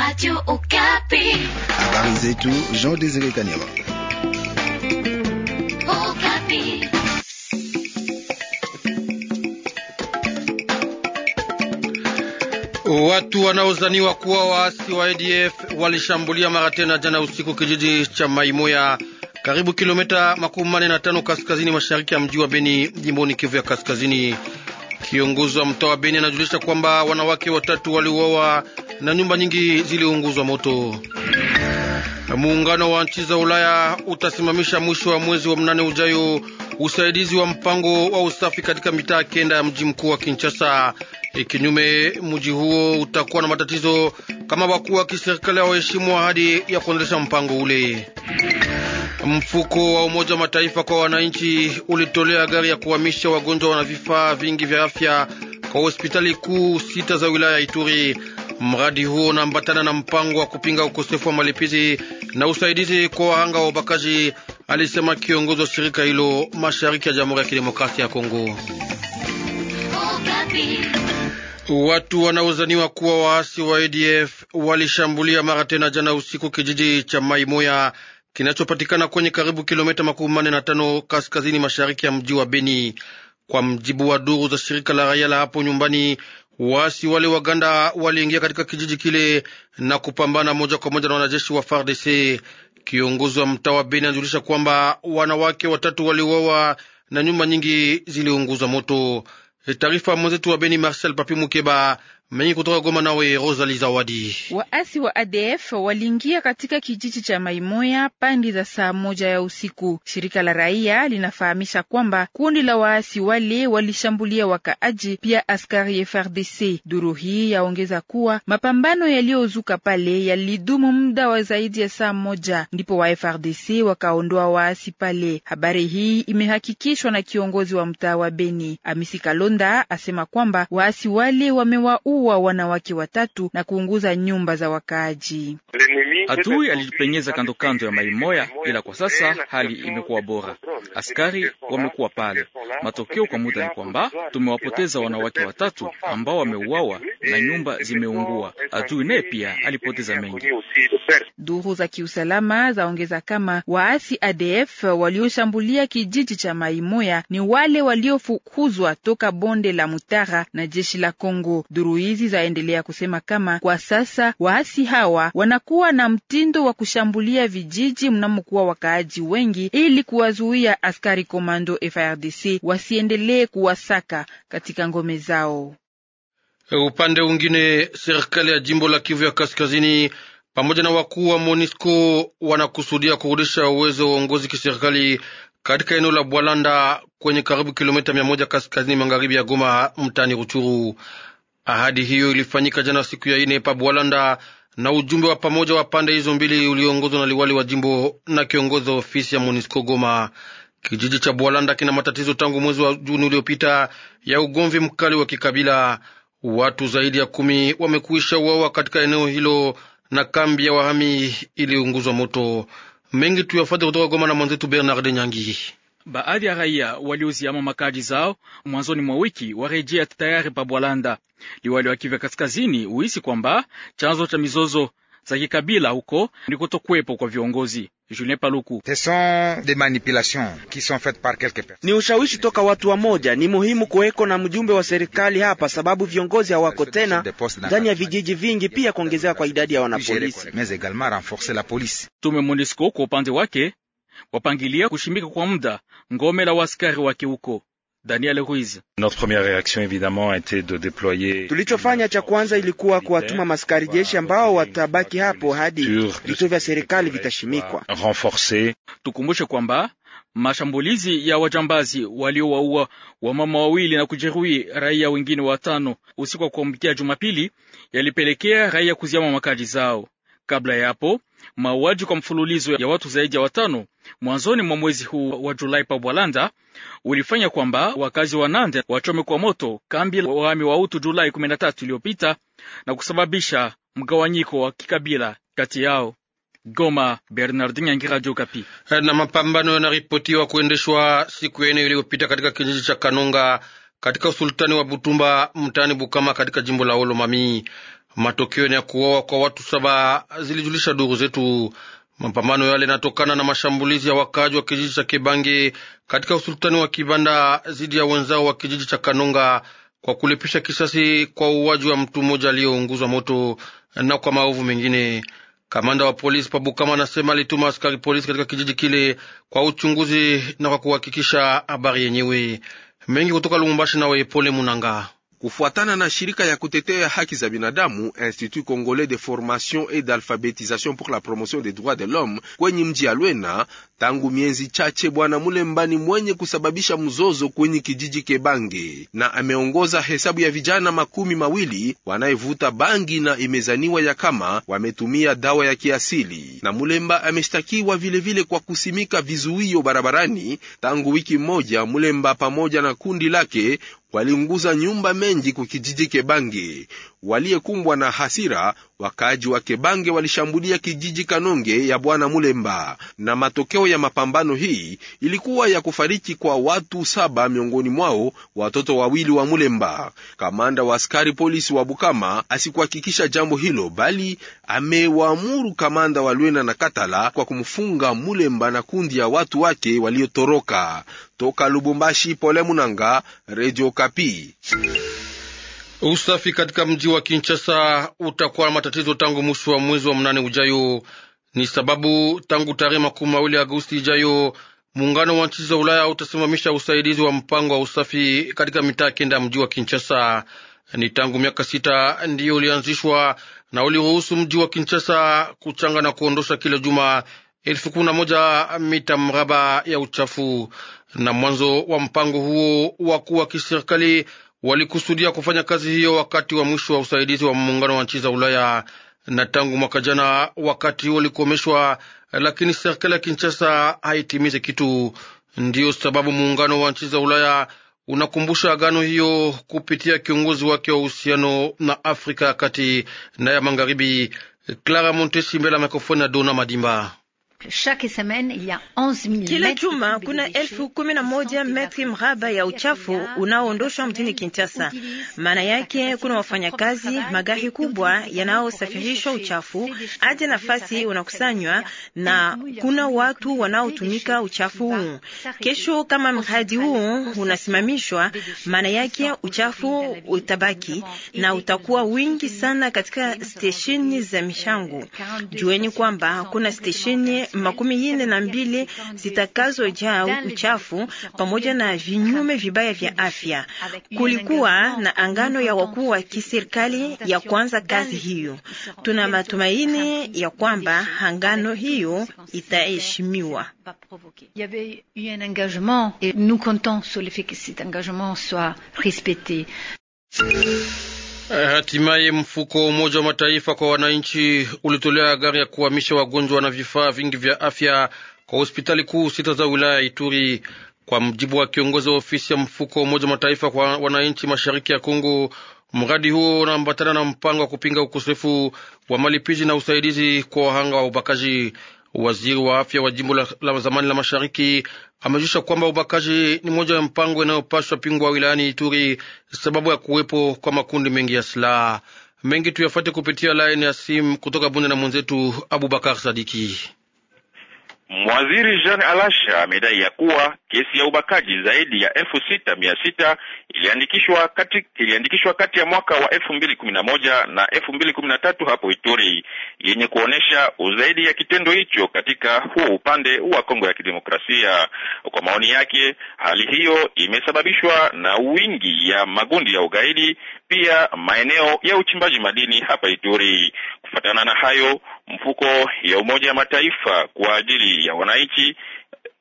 Radio Okapi. Habari zetu Jean Désiré Kanyama. Okapi. Watu wanaozaniwa kuwa waasi wa ADF walishambulia mara tena jana usiku kijiji cha Maimoya karibu kilomita makumi manne na tano kaskazini mashariki ya mji wa Beni jimboni Kivu ya Kaskazini. Kiongozi wa mtaa wa Beni anajulisha kwamba wanawake watatu waliuawa na nyumba nyingi ziliunguzwa moto. Muungano wa nchi za Ulaya utasimamisha mwisho wa mwezi wa mnane ujayo usaidizi wa mpango wa usafi katika mitaa kenda ya mji mkuu wa Kinshasa. ikinyume mji huo utakuwa na matatizo kama wakuu wa kiserikali waheshimu ahadi ya kuendelesha mpango ule. Mfuko wa Umoja wa Mataifa kwa wananchi ulitolea gari ya kuhamisha wagonjwa wana vifaa vingi vya afya kwa hospitali kuu sita za wilaya ya Ituri. Mradi huo unaambatana na mpango wa kupinga ukosefu wa malipizi na usaidizi kwa wahanga wa ubakaji, alisema kiongozi wa shirika hilo mashariki ya Jamhuri ya Kidemokrasia ya Kongo. Watu wanaozaniwa kuwa waasi wa ADF walishambulia mara tena jana usiku kijiji cha Maimoya kinachopatikana kwenye karibu kilomita makumi manne na tano kaskazini mashariki ya mji wa Beni. Kwa mjibu wa duru za shirika la raia la hapo nyumbani, Waasi wale Waganda waliingia katika kijiji kile na kupambana moja kwa moja na wanajeshi wa FARDC. Kiongozi wa mtaa wa Beni anajulisha kwamba wanawake watatu waliuawa na nyumba nyingi ziliunguzwa moto. Taarifa mwenzetu wa Beni, Marcel Papi Mukeba. Mimi kutoka Goma nawe Rosali Zawadi. Waasi wa ADF waliingia katika kijiji cha Maimoya pandi za saa moja ya usiku. Shirika la raia linafahamisha kwamba kundi la waasi wale walishambulia wakaaji pia askari FRDC. Duru hii yaongeza kuwa mapambano yaliyozuka pale yalidumu muda wa zaidi ya saa moja, ndipo wa FRDC wakaondoa waasi pale. Habari hii imehakikishwa na kiongozi wa mtaa wa Beni. Amisi Kalonda asema kwamba waasi wale wamewaua kuua wanawake watatu na kuunguza nyumba za wakaaji. Adui alijipenyeza kando kando ya Maimoya, ila kwa sasa hali imekuwa bora, askari wamekuwa pale. Matokeo kwa muda ni kwamba tumewapoteza wanawake watatu ambao wameuawa na nyumba zimeungua. Adui naye pia alipoteza mengi. Duru za kiusalama zaongeza kama waasi ADF walioshambulia kijiji cha Maimoya ni wale waliofukuzwa toka bonde la Mutara na jeshi la Kongo. Duru hizi zaendelea kusema kama kwa sasa waasi hawa wanakuwa na mtindo wa kushambulia vijiji mnamokuwa wakaaji wengi, ili kuwazuia askari komando frdc wasiendelee kuwasaka katika ngome zao. Upande mwingine, serikali ya jimbo la Kivu ya Kaskazini pamoja na wakuu wa MONUSCO wanakusudia kurudisha uwezo wa uongozi kiserikali katika eneo la Bwalanda kwenye karibu kilomita mia moja kaskazini magharibi ya Goma mtani Ruchuru. Ahadi hiyo ilifanyika jana siku ya ine pa Bwalanda na ujumbe wa pamoja wa pande hizo mbili ulioongozwa na liwali wa jimbo na kiongozi wa ofisi ya MONUSCO Goma. Kijiji cha Bwalanda kina matatizo tangu mwezi wa Juni uliopita ya ugomvi mkali wa kikabila. Watu zaidi ya kumi wamekwisha uawa katika eneo hilo na kambi ya wahami iliunguzwa moto. Mengi tuyafate kutoka Goma na mwenzetu Bernard Nyangi. Baadhi ya raia walioziama makaji zao mwanzoni mwa wiki warejea tayari pa Bwalanda. Liwali wa Kivu Kaskazini huisi kwamba chanzo cha mizozo za kikabila huko ni kutokuwepo kwa viongozi. Julien Paluku: ni ushawishi toka watu wa moja. Ni muhimu kuweko na mjumbe wa serikali hapa, sababu viongozi hawako tena ndani ya vijiji vingi, pia kuongezeka kwa idadi ya wanapolisi. Tume MONUSCO kwa upande wake wapangilia kushimika kwa muda ngome la waskari wake huko Daniel Ruiz. Tulichofanya cha kwanza ilikuwa kuwatuma maskari jeshi ambao watabaki hapo hadi vituo vya serikali vitashimikwa. Tukumbushe kwamba mashambulizi ya wajambazi waliowaua wamama wawili na kujeruhi raia wengine watano usiku wa kuamkia Jumapili yalipelekea raia kuziama makazi zao. Kabla ya hapo mauaji kwa mfululizo ya watu zaidi ya watano mwanzoni mwa mwezi huu wa Julai pa Bwalanda ulifanya kwamba wakazi wa Nande wachome kwa moto kambi la wahami wa Hutu Julai 13 iliyopita na kusababisha mgawanyiko wa kikabila kati yao. Goma, Bernardin Yangira, Radio Okapi. Eh, na mapambano yanaripotiwa kuendeshwa siku ya nne iliyopita katika kijiji cha kanunga katika usultani wa Butumba mtaani Bukama katika jimbo la Olomami matokeo ya kuoa kwa watu saba, zilijulisha duru zetu. Mapambano yale yanatokana na mashambulizi ya wakaaji wa kijiji cha Kibange katika usultani wa Kibanda dhidi ya wenzao wa kijiji cha Kanonga kwa kulipisha kisasi kwa uwaji wa mtu mmoja aliyeunguzwa moto na kwa maovu mengine. Kamanda wa polisi Pabukama anasema alituma askari polisi katika kijiji kile kwa uchunguzi na kwa kuhakikisha habari yenyewe mengi. Kutoka Lubumbashi nawe Pole Munanga. Kufuatana na shirika ya kutetea haki za binadamu Institut Congolais de Formation et d'Alphabetisation pour la Promotion des Droits de l'Homme kwenye mji ya Lwena, tangu miezi chache bwana Mulemba ni mwenye kusababisha mzozo kwenye kijiji Kebange, na ameongoza hesabu ya vijana makumi mawili wanayevuta bangi na imezaniwa ya kama wametumia dawa ya kiasili. Na Mulemba ameshtakiwa vilevile kwa kusimika vizuio barabarani. Tangu wiki moja, Mulemba pamoja na kundi lake walinguza nyumba mengi kwa kijiji Kebange waliyekumbwa na hasira, wakaaji wa Kebange walishambulia kijiji Kanonge ya Bwana Mulemba, na matokeo ya mapambano hii ilikuwa ya kufariki kwa watu saba, miongoni mwao watoto wawili wa Mulemba. Kamanda wa askari polisi wa Bukama asikuhakikisha jambo hilo, bali amewaamuru kamanda wa Lwena na Katala kwa kumfunga Mulemba na kundi ya watu wake waliotoroka toka Lubumbashi. Pole Munanga, Radio Kapi. Usafi katika mji wa Kinshasa utakuwa na matatizo tangu mwisho wa mwezi wa mnane ujayo. Ni sababu tangu tarehe makumi mawili Agosti ijayo muungano wa nchi za Ulaya utasimamisha usaidizi wa mpango wa usafi katika mitaa kenda ya mji wa Kinshasa. Ni tangu miaka sita ndiyo ulianzishwa na uliruhusu mji wa Kinshasa kuchanga na kuondosha kila juma elfu kumi na moja mita mraba ya uchafu. Na mwanzo wa mpango huo wakuu wa kiserikali walikusudia kufanya kazi hiyo wakati wa mwisho wa usaidizi wa muungano wa nchi za Ulaya na tangu mwaka jana wakati huo ulikomeshwa, lakini serikali ya Kinshasa haitimize kitu. Ndiyo sababu muungano wa nchi za Ulaya unakumbusha agano hiyo kupitia kiongozi wake wa uhusiano na Afrika ya kati na ya magharibi, Clara Montesi, mbele ya mikrofoni ya Dona Madimba. Kila juma kuna elfu kumi na moja metri mraba ya uchafu unaoondoshwa mjini Kinshasa. Maana yake kuna wafanyakazi, magari kubwa yanayosafirishwa uchafu hadi nafasi unakusanywa, na kuna watu wanaotumika uchafu huu. Kesho kama mradi huu unasimamishwa, maana yake uchafu utabaki na utakuwa wingi sana katika stesheni za mishango. Euh, Jueni kwamba kuna stesheni makumi ine na mbili zitakazojaa uchafu pamoja na vinyume vibaya vya afya. Kulikuwa na angano ya wakuu wa kiserikali ya kwanza kazi hiyo. Tuna matumaini ya kwamba angano hiyo itaheshimiwa. Eh, hatimaye mfuko wa Umoja wa Mataifa kwa wananchi ulitolea gari ya kuhamisha wagonjwa na vifaa vingi vya afya kwa hospitali kuu sita za wilaya ya Ituri. Kwa mjibu wa kiongozi wa ofisi ya mfuko wa Umoja wa Mataifa kwa wananchi mashariki ya Kongo, mradi huo unaambatana na mpango wa kupinga ukosefu wa malipizi na usaidizi kwa wahanga wa ubakaji. Waziri wa afya wa jimbo la, la zamani la mashariki amejisha kwamba ubakaji ni moja ya mpango inayopashwa pingwa wilayani Ituri sababu ya kuwepo kwa makundi mengi ya silaha mengi. Tuyafate kupitia laini ya simu kutoka Bunde na mwenzetu Abubakar Sadiki. Mwaziri Jean Alasha amedai ya kuwa kesi ya ubakaji zaidi ya elfu sita mia sita iliandikishwa kati, iliandikishwa kati ya mwaka wa elfu mbili kumi na moja na elfu mbili kumi na tatu hapo Ituri yenye kuonyesha uzaidi ya kitendo hicho katika huo upande wa Kongo ya Kidemokrasia. Kwa maoni yake, hali hiyo imesababishwa na wingi ya magundi ya ugaidi, pia maeneo ya uchimbaji madini hapa Ituri. Kufuatana na hayo, mfuko ya Umoja wa Mataifa kwa ajili ya wananchi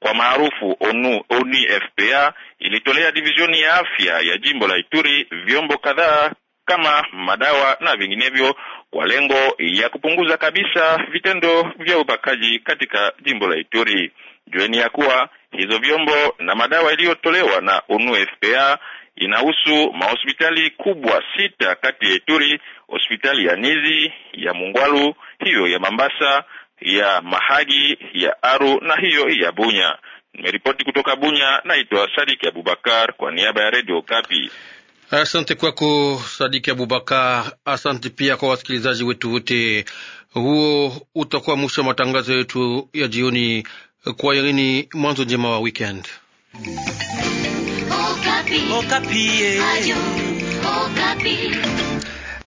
kwa maarufu ONU, ONU FPA ilitolea divizioni ya afya ya jimbo la Ituri vyombo kadhaa kama madawa na vinginevyo kwa lengo ya kupunguza kabisa vitendo vya ubakaji katika jimbo la Ituri. Jueni ya kuwa hizo vyombo na madawa iliyotolewa na UNU FPA inahusu mahospitali kubwa sita kati ya Ituri, hospitali ya Nizi, ya Mungwalu, hiyo ya Mambasa, ya Mahagi, ya Aru na hiyo ya Bunya. Nimeripoti kutoka Bunya, naitwa Sadiki Abubakar kwa niaba ya Radio Kapi. Asante kwako Sadiki Abubakar. Asante pia kwa wasikilizaji wetu wote. Huo utakuwa mwisho wa matangazo yetu ya jioni. Kwa Irini, mwanzo njema wa weekend. Okapi. Okapi. Eh.